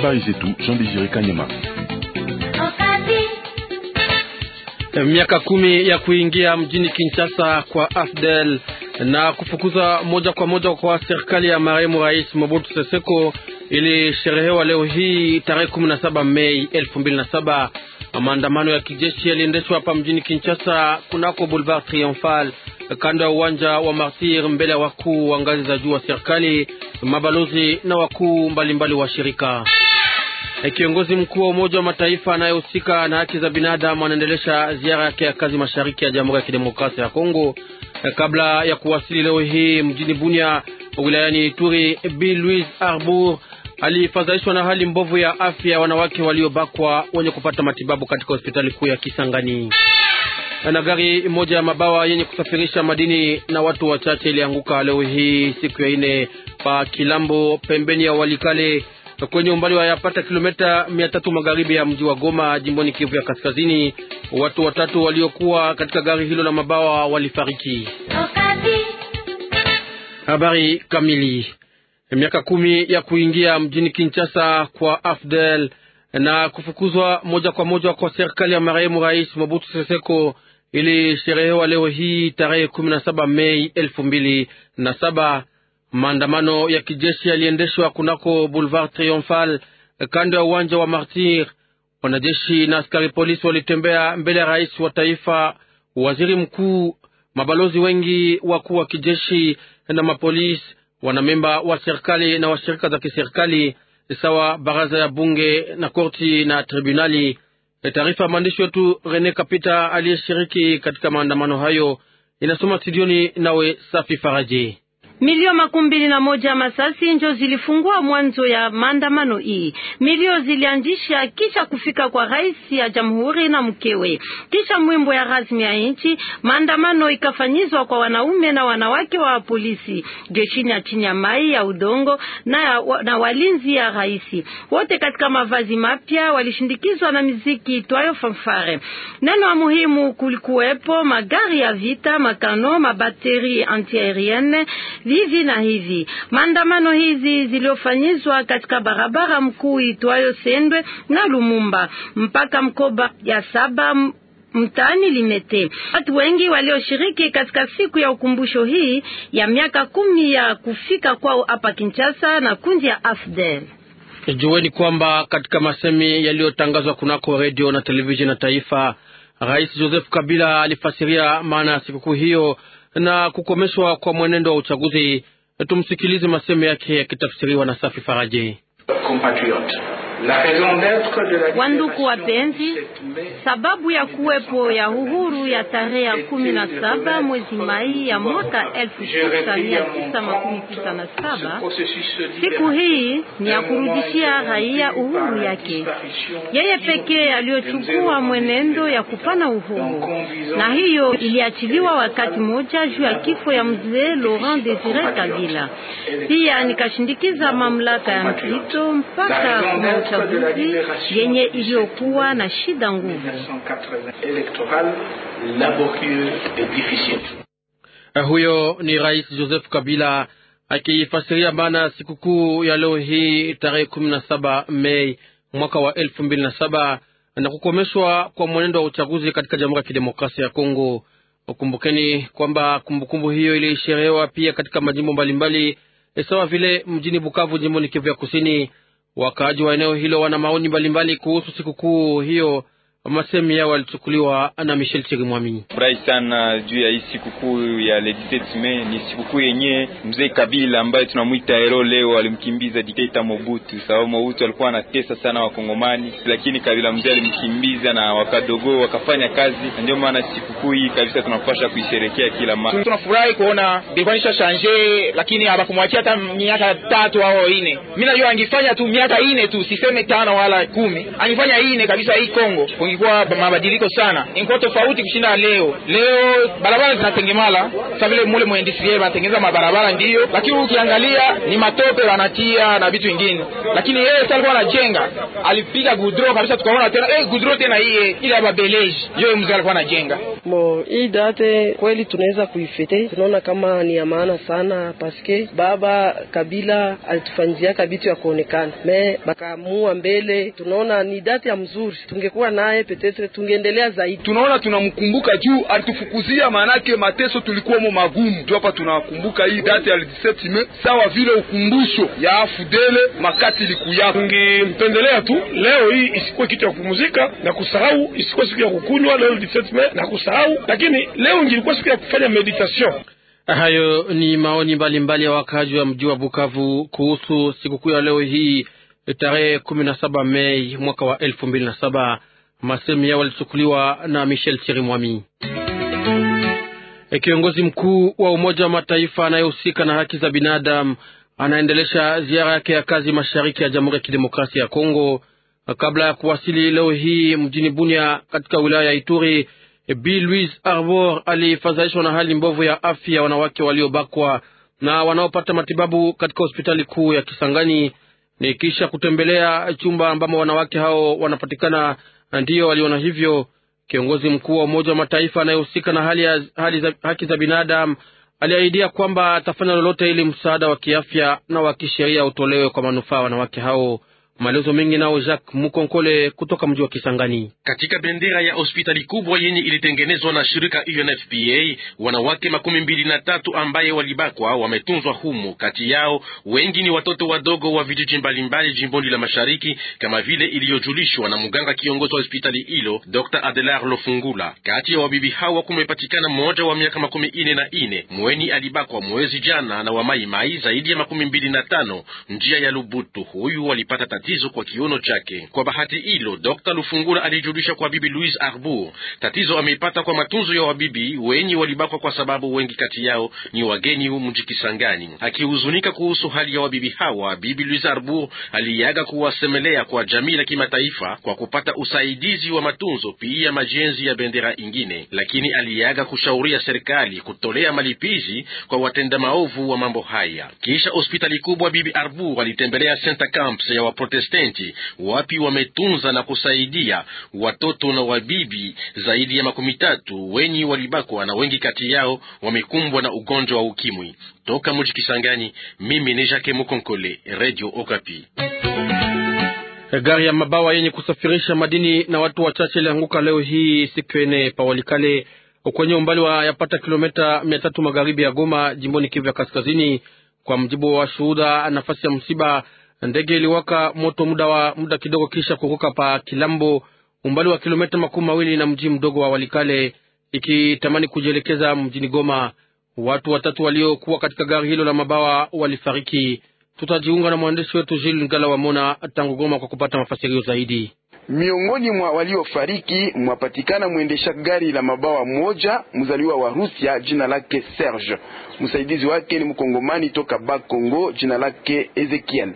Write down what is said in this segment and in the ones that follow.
habari zetu Jean Désiré Kanyama. Eh, miaka kumi ya kuingia mjini Kinshasa kwa AFDEL na kufukuza moja kwa moja kwa serikali ya marehemu Rais Mobutu Seseko ilisherehewa leo hii tarehe 17 Mei 2007. Maandamano ya kijeshi yaliendeshwa hapa mjini Kinshasa kunako Boulevard Triomphal kando ya uwanja wa Martir mbele ya wakuu wa ngazi za juu wa serikali, mabalozi na wakuu mbalimbali wa shirika E, kiongozi mkuu wa Umoja wa Mataifa anayehusika na haki za binadamu anaendelesha ziara yake ya kazi mashariki ya Jamhuri ya Kidemokrasia ya Kongo e, kabla ya kuwasili leo hii mjini Bunia wilayani Ituri. Bi Louis Arbour alifadhaishwa na hali mbovu ya afya ya wanawake waliobakwa wenye kupata matibabu katika hospitali kuu ya Kisangani. E, na gari moja ya mabawa yenye kusafirisha madini na watu wachache ilianguka leo hii siku ya ine pa Kilambo pembeni ya Walikale kwenye umbali wa yapata kilomita mia tatu magharibi ya mji wa Goma, jimboni Kivu ya Kaskazini. Watu watatu waliokuwa katika gari hilo la mabawa walifariki. Habari kamili. Miaka kumi ya kuingia mjini Kinshasa kwa Afdel na kufukuzwa moja kwa moja kwa serikali ya marehemu Rais Mobutu Seseko ilisherehewa leo hii tarehe 17 Mei elfu mbili na saba Maandamano ya kijeshi yaliendeshwa kunako Boulevard Triomphal, kando ya uwanja wa Martir. Wanajeshi na askari polisi walitembea mbele ya rais wa taifa, waziri mkuu, mabalozi wengi wakuu wa kijeshi na mapolisi, wanamemba wa serikali na washirika za kiserikali, sawa baraza ya bunge na korti na tribunali. E, taarifa ya mwandishi wetu Rene Kapita aliyeshiriki katika maandamano hayo inasoma studioni nawe Safi Faraji. Milio makumi mbili na moja masasi njo zilifungua mwanzo ya maandamano hii. Milio zilianzisha kisha kufika kwa rais ya jamhuri na mkewe, kisha mwimbo ya rasmi ya nchi. Maandamano ikafanyizwa kwa wanaume na wanawake wa polisi, jeshini ya chini ya mai ya udongo na, ya, na walinzi ya rais, wote katika mavazi mapya, walishindikizwa na miziki itwayo fanfare. Neno muhimu kulikuwepo magari ya vita, makano, mabateri antiaerienne hivi na hivi. Maandamano hizi ziliyofanyizwa katika barabara mkuu itwayo Sendwe na Lumumba mpaka mkoba ya saba mtaani Limete. Watu wengi walioshiriki katika siku ya ukumbusho hii ya miaka kumi ya kufika kwao hapa Kinshasa na kundi ya AFDEL. Jueni kwamba katika masemi yaliyotangazwa kunako redio na televisheni ya taifa, Rais Joseph Kabila alifasiria maana ya sikukuu hiyo na kukomeshwa kwa mwenendo wa uchaguzi. Tumsikilize masemo yake yakitafsiriwa na Safi Faraji. Wanduku wapenzi, sababu ya kuwepo ya uhuru ya tarehe ya kumi na saba mwezi Mai ya mwaka elfu tisa mia tisa makumi tisa na saba siku hii ni ya kurudishia raia uhuru yake, yeye pekee aliyochukua mwenendo ya kupana uhuru, na hiyo iliachiliwa wakati moja juu ya kifo ya mzee Laurent Desire Kabila. Pia nikashindikiza mamlaka ya mpito mpaka uchaguzi yenye iliyokuwa na shida nguvu. Eh, huyo ni Rais Joseph Kabila akiifasiria maana sikukuu ya leo hii tarehe kumi na saba Mei mwaka wa elfu mbili na saba na kukomeshwa kwa mwenendo wa uchaguzi katika Jamhuri ya Kidemokrasia ya Kongo. Ukumbukeni kwamba kumbukumbu hiyo ilisherehewa pia katika majimbo mbalimbali eh, sawa vile mjini Bukavu, ni Kivu ya Kusini. Wakaaji wa eneo hilo wana maoni mbalimbali kuhusu sikukuu hiyo Masemi yao yalichukuliwa na Michel Chirimwami. Furahi sana juu ya hii sikukuu ya le 17 Mei. Ni sikukuu yenye mzee Kabila ambaye tunamwita hero leo alimkimbiza dikteta Mobutu, sababu Mobutu alikuwa anatesa sana Wakongomani, lakini Kabila mzee alimkimbiza na wakadogo wakafanya kazi. Ndio maana sikukuu hii kabisa tunapasha kuisherekea kila mara. Tunafurahi kuona bilikuanisha shanje, lakini habakumwachia hata miaka tatu ao ine. Mimi najua angifanya tu miaka ine tu, siseme tano wala kumi, angifanya ine kabisa hii Kongo kulikuwa mabadiliko sana, ilikuwa tofauti kushinda leo. Leo barabara zinatengemala sasa vile mule muindustrie wanatengeneza mabarabara ndiyo, lakini ukiangalia ni matope wanatia na vitu vingine, lakini yeye sasa alikuwa anajenga, alipiga gudro kabisa, tukaona tena eh, gudro tena, iye ile ya babeleji, yeye mzee alikuwa anajenga Mo, hii date kweli tunaweza kuifete, tunaona kama ni ya maana sana, paske baba Kabila alitufanyiziaka bitu ya kuonekana me bakamua mbele. Tunaona ni date ya mzuri, tungekuwa naye petetre tungeendelea zaidi. Tunaona tunamkumbuka juu alitufukuzia, maanake mateso tulikuwa mo magumu, juu hapa tunakumbuka hii date ya 17 Mei sawa vile ukumbusho ya afudele makati likuya. Tungependelea tu leo hii isikuwe kitu ya kupumzika na kusahau, isikuwe siku ya kukunywa leo 17 Mei na kusahau nimesahau, lakini leo nilikuwa siku ya kufanya meditation. Hayo ni maoni mbalimbali ya wakaaji wa mji wa Bukavu kuhusu sikukuu ya leo hii tarehe 17 Mei mwaka wa 2007. Masemi yao yalichukuliwa na Michel Chirimwami. Kiongozi mkuu wa Umoja wa Mataifa anayehusika na haki za binadamu anaendelesha ziara yake ya kazi mashariki ya Jamhuri ya Kidemokrasia ya Kongo kabla ya kuwasili leo hii mjini Bunia katika wilaya ya Ituri B Louise arbor alifadhaishwa na hali mbovu ya afya ya wanawake waliobakwa na wanaopata matibabu katika hospitali kuu ya Kisangani. Ni kisha kutembelea chumba ambamo wanawake hao wanapatikana ndiyo waliona hivyo. Kiongozi mkuu wa Umoja wa Mataifa anayehusika na hali, hali za, haki za binadamu aliahidia kwamba atafanya lolote ili msaada wa kiafya na wa kisheria utolewe kwa manufaa wanawake hao. Maelezo mengi nao Jacques Mukonkole kutoka mji wa Kisangani. Katika bendera ya hospitali kubwa yenye ilitengenezwa na shirika UNFPA, wanawake makumi mbili na tatu ambaye walibakwa wametunzwa humo. Kati yao wengi ni watoto wadogo wa vijiji mbalimbali jimboni la mashariki, kama vile iliyojulishwa na mganga kiongozi wa hospitali hilo Dr. Adelar Lofungula. Kati ya wabibi hawa kumepatikana mmoja wa miaka makumi ine na ine mweni alibakwa mwezi jana na wamaimai zaidi ya makumi mbili na tano njia ya Lubutu. Huyu walipata tatizo tatizo kwa kiuno chake. Kwa bahati hilo, Dr Lufungula alijulisha kwa Bibi Louise Arbour tatizo ameipata kwa matunzo ya wabibi wenye walibakwa, kwa sababu wengi kati yao ni wageni mji Kisangani. Akihuzunika kuhusu hali ya wabibi hawa, Bibi Louise Arbour aliaga kuwasemelea kwa jamii la kimataifa kwa kupata usaidizi wa matunzo, pia majenzi ya bendera ingine, lakini aliaga kushauria serikali kutolea malipizi kwa watenda maovu wa mambo haya. Kisha hospitali kubwa, Bibi Arbour alitembelea Camps ya Waprotestanti wapi wametunza na kusaidia watoto na wabibi zaidi ya makumi tatu wenye walibakwa na wengi kati yao wamekumbwa na ugonjwa wa ukimwi. Toka mji Kisangani, mimi ni Jacques Mukonkole, Radio Okapi. Gari ya mabawa yenye kusafirisha madini na watu wachache ilianguka leo hii siku ene pawalikale kwenye umbali wa yapata kilomita mia tatu magharibi ya Goma, jimboni Kivu ya Kaskazini. Kwa mjibu wa shuhuda, nafasi ya msiba Ndege iliwaka moto muda wa muda kidogo kisha kuruka pa Kilambo, umbali wa kilomita makumi mawili na mji mdogo wa Walikale, ikitamani kujielekeza mjini Goma. Watu watatu waliokuwa katika gari hilo la mabawa walifariki. Tutajiunga na mwandishi wetu Jil Ngala Wamona tangu Goma kwa kupata mafasirio zaidi. Miongoni mwa waliofariki mwapatikana mwendesha gari la mabawa moja mzaliwa wa Rusia, jina lake Serge. Msaidizi wake ni mkongomani toka Bakongo, jina lake Ezekiel.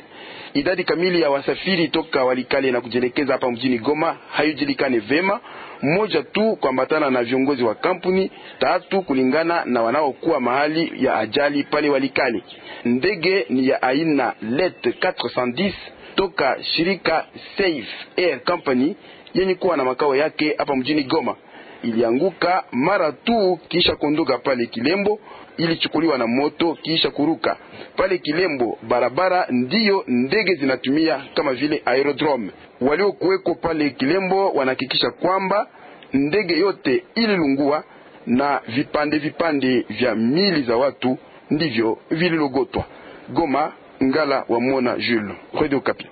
Idadi kamili ya wasafiri toka Walikale na kujielekeza hapa mjini Goma haijulikani vema, mmoja tu kuambatana na viongozi wa kampuni, tatu kulingana na wanaokuwa mahali ya ajali pale Walikale. Ndege ni ya aina Let 410 toka shirika Safe Air Company yenye kuwa na makao yake hapa mjini Goma ilianguka mara tu kisha kunduka pale Kilembo, ilichukuliwa na moto kisha kuruka pale Kilembo. Barabara ndiyo ndege zinatumia kama vile aerodrome. Waliokuweko pale Kilembo wanahakikisha kwamba ndege yote ililungua na vipande vipande vya mili za watu ndivyo vililogotwa. Goma, Ngala wa Mwona Jules, Radio Okapi.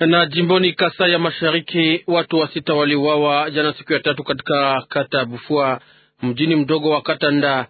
Na jimboni Kasai ya Mashariki, watu wa sita waliuawa jana siku ya tatu katika kata Bufua, mjini mdogo wa Katanda.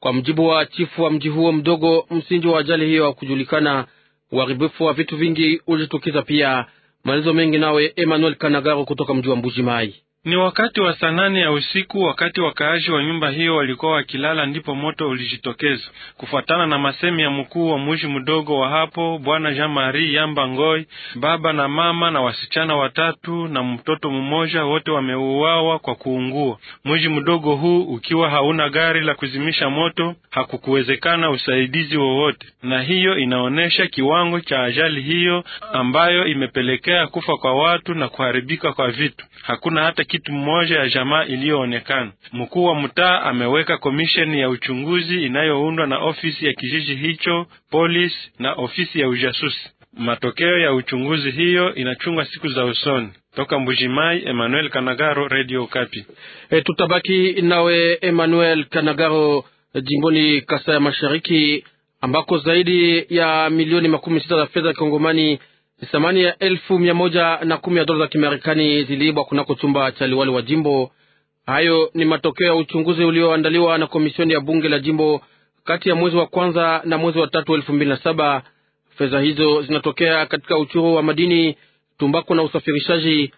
Kwa mjibu wa chifu wa mji huo mdogo, msingi wa ajali hiyo hakujulikana. Uharibifu wa vitu vingi ulitukiza pia. Maelezo mengi nawe Emmanuel Kanagaro kutoka mji wa Mbuji Mai. Ni wakati wa saa nane ya usiku, wakati wakaaji wa nyumba hiyo walikuwa wakilala, ndipo moto ulijitokeza. Kufuatana na masemi ya mkuu wa mji mdogo wa hapo, bwana Jean Marie Yamba Ngoi, baba na mama na wasichana watatu na mtoto mmoja, wote wameuawa kwa kuungua. Mji mdogo huu ukiwa hauna gari la kuzimisha moto, hakukuwezekana usaidizi wowote, na hiyo inaonyesha kiwango cha ajali hiyo ambayo imepelekea kufa kwa watu na kuharibika kwa vitu. Hakuna hata kitu mmoja ya jamaa iliyoonekana. Mkuu wa mtaa ameweka komisheni ya uchunguzi inayoundwa na ofisi ya kijiji hicho, polisi na ofisi ya ujasusi. Matokeo ya uchunguzi hiyo inachungwa siku za usoni. Toka Mbujimai, Emmanuel Kanagaro, Radio Kapi. E, tutabaki nawe Emmanuel Kanagaro, jimboni kasaya ya Mashariki ambako zaidi ya milioni makumi sita za fedha ya kongomani thamani ya elfu mia moja na kumi ya dola za Kimarekani ziliibwa kunako chumba cha liwali wa jimbo. Hayo ni matokeo ya uchunguzi ulioandaliwa na komisioni ya bunge la jimbo kati ya mwezi wa kwanza na mwezi wa tatu elfu mbili na saba. Fedha hizo zinatokea katika uchuru wa madini, tumbako na usafirishaji.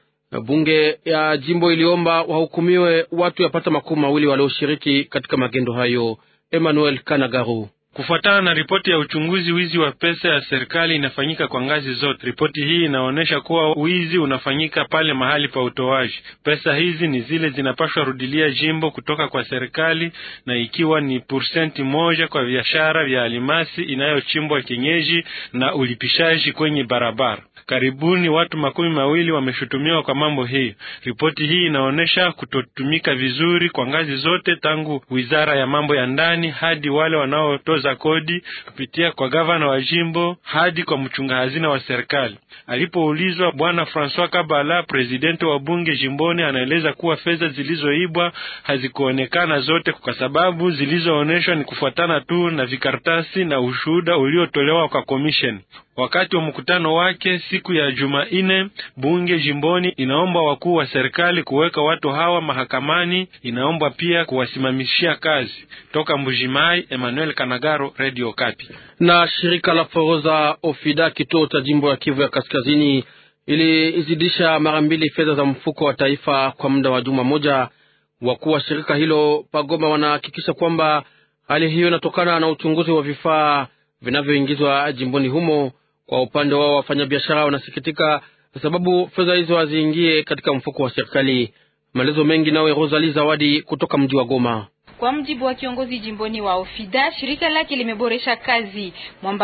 Bunge ya jimbo iliomba wahukumiwe watu yapata makumi mawili walioshiriki katika magendo hayo. Emmanuel Kanagaru Kufuatana na ripoti ya uchunguzi, wizi wa pesa ya serikali inafanyika kwa ngazi zote. Ripoti hii inaonyesha kuwa wizi unafanyika pale mahali pa utoaji. Pesa hizi ni zile zinapashwa rudilia jimbo kutoka kwa serikali, na ikiwa ni pursenti moja kwa biashara vya alimasi inayochimbwa kienyeji na ulipishaji kwenye barabara. Karibuni watu makumi mawili wameshutumiwa kwa mambo hii. Ripoti hii inaonyesha kutotumika vizuri kwa ngazi zote, tangu wizara ya mambo ya ndani hadi wale wanaotoza kodi, kupitia kwa gavana wa jimbo hadi kwa mchunga hazina wa serikali. Alipoulizwa, bwana Francois Kabala, presidenti wa bunge jimboni, anaeleza kuwa fedha zilizoibwa hazikuonekana zote, kwa sababu zilizoonyeshwa ni kufuatana tu na vikartasi na ushuhuda uliotolewa kwa komisheni. Wakati wa mkutano wake siku ya Jumanne, bunge jimboni inaomba wakuu wa serikali kuweka watu hawa mahakamani, inaomba pia kuwasimamishia kazi. Toka Mbujimai, Emmanuel Kanagaro, Radio Kapi. Na shirika la Foroza Ofida, kituo cha jimbo ya Kivu ya Kaskazini, ilizidisha mara mbili fedha za mfuko wa taifa kwa muda wa juma moja. Wakuu wa shirika hilo Pagoma wanahakikisha kwamba hali hiyo inatokana na uchunguzi wa vifaa vinavyoingizwa jimboni humo kwa upande wao wafanyabiashara wanasikitika sababu fedha hizo haziingie katika mfuko wa serikali. Maelezo mengi nawe Rosali Zawadi kutoka mji wa Goma. Kwa mjibu wa kiongozi jimboni wa Ofida, shirika lake limeboresha kazi.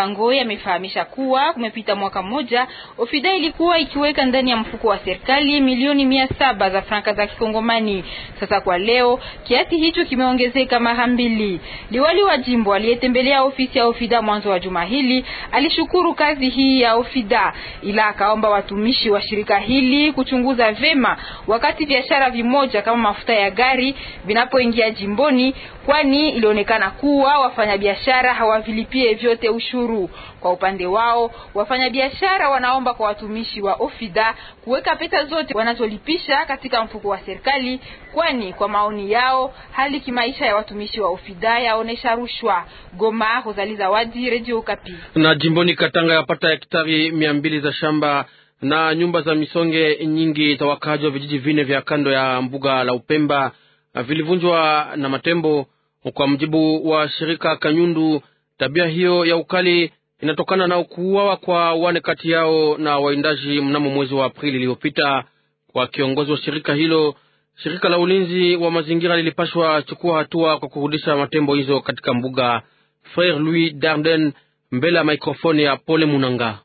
Ngoi amefahamisha kuwa kumepita mwaka mmoja Ofida ilikuwa ikiweka ndani ya mfuko wa serikali milioni mia saba za franka za Kikongomani. Sasa kwa leo kiasi hicho kimeongezeka mara mbili. Liwali wa jimbo aliyetembelea ofisi ya Ofida mwanzo wa juma hili alishukuru kazi hii ya Ofida, ila akaomba watumishi wa shirika hili kuchunguza vema wakati biashara vimoja kama mafuta ya gari vinapoingia jimboni kwani ilionekana kuwa wafanyabiashara hawavilipie vyote ushuru. Kwa upande wao, wafanyabiashara wanaomba kwa watumishi wa Ofida kuweka pesa zote wanazolipisha katika mfuko wa serikali, kwani kwa maoni yao hali kimaisha ya watumishi wa Ofida yaonesha rushwa. Goma, Rosali Zawadi, Radio Kapi. Na jimboni Katanga yapata hektari mia mbili za shamba na nyumba za misonge nyingi za wakaaji wa vijiji vine vya kando ya mbuga la Upemba vilivunjwa na matembo. Kwa mjibu wa shirika Kanyundu, tabia hiyo ya ukali inatokana na kuuawa kwa wane kati yao na waindaji mnamo mwezi wa Aprili iliyopita. Kwa kiongozi wa shirika hilo, shirika la ulinzi wa mazingira lilipashwa chukua hatua kwa kurudisha matembo hizo katika mbuga. Frere Louis Darden mbele ya microfone ya Pole Munanga.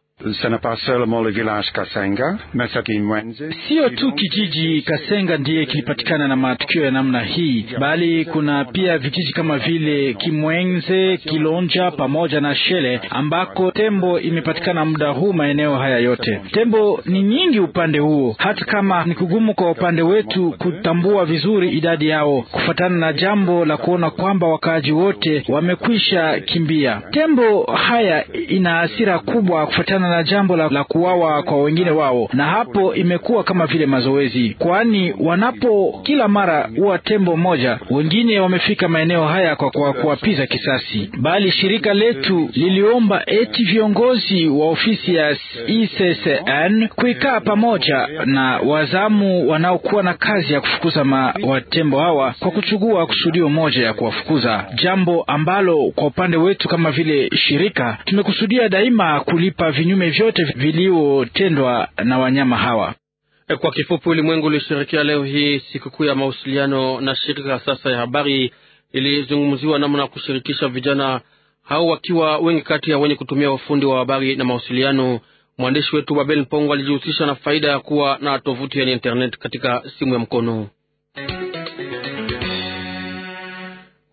Sio tu kijiji Kasenga ndiye kilipatikana na matukio ya namna hii, bali kuna pia vijiji kama vile Kimwenze, Kilonja pamoja na Shele ambako tembo imepatikana muda huu. Maeneo haya yote tembo ni nyingi upande huo, hata kama ni kugumu kwa upande wetu kutambua vizuri idadi yao, kufuatana na jambo la kuona kwamba wakaaji wote wamekwisha kimbia. Tembo haya ina hasira kubwa kufuatana na jambo la, la kuwawa kwa wengine wao, na hapo imekuwa kama vile mazoezi, kwani wanapo kila mara huwa tembo moja Wengine wamefika maeneo haya kwa, kwa kuwapiza kisasi, bali shirika letu liliomba eti viongozi wa ofisi ya ICCN kuikaa pamoja na wazamu wanaokuwa na kazi ya kufukuza watembo hawa kwa kuchukua kusudio moja ya kuwafukuza, jambo ambalo kwa upande wetu kama vile shirika tumekusudia daima kulipa vinyume vinyume vyote vilivyotendwa na wanyama hawa. Kwa kifupi, ulimwengu ulisherekea leo hii sikukuu ya mawasiliano, na shirika sasa ya habari ilizungumziwa namna ya kushirikisha vijana hao, wakiwa wengi kati ya wenye kutumia ufundi wa habari na mawasiliano. Mwandishi wetu Babel Mpongo alijihusisha na faida ya kuwa na tovuti ya internet katika simu ya mkono.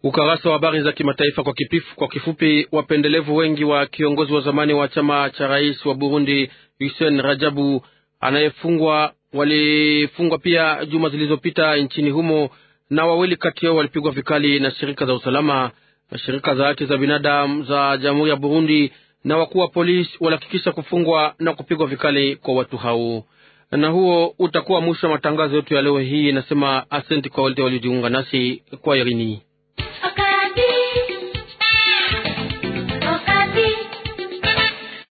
Ukarasa wa habari za kimataifa kwa kipifu, kwa kifupi. Wapendelevu wengi wa kiongozi wa zamani wa chama cha rais wa Burundi Hussein Rajabu anayefungwa walifungwa pia juma zilizopita nchini humo, na wawili kati yao walipigwa vikali na shirika za usalama, shirika za haki za binadamu za Jamhuri ya Burundi na wakuu wa polisi walihakikisha kufungwa na kupigwa vikali kwa watu hao. Na huo utakuwa mwisho wa matangazo yetu ya leo hii. Nasema asante kwa wote waliojiunga nasi kwa Irini.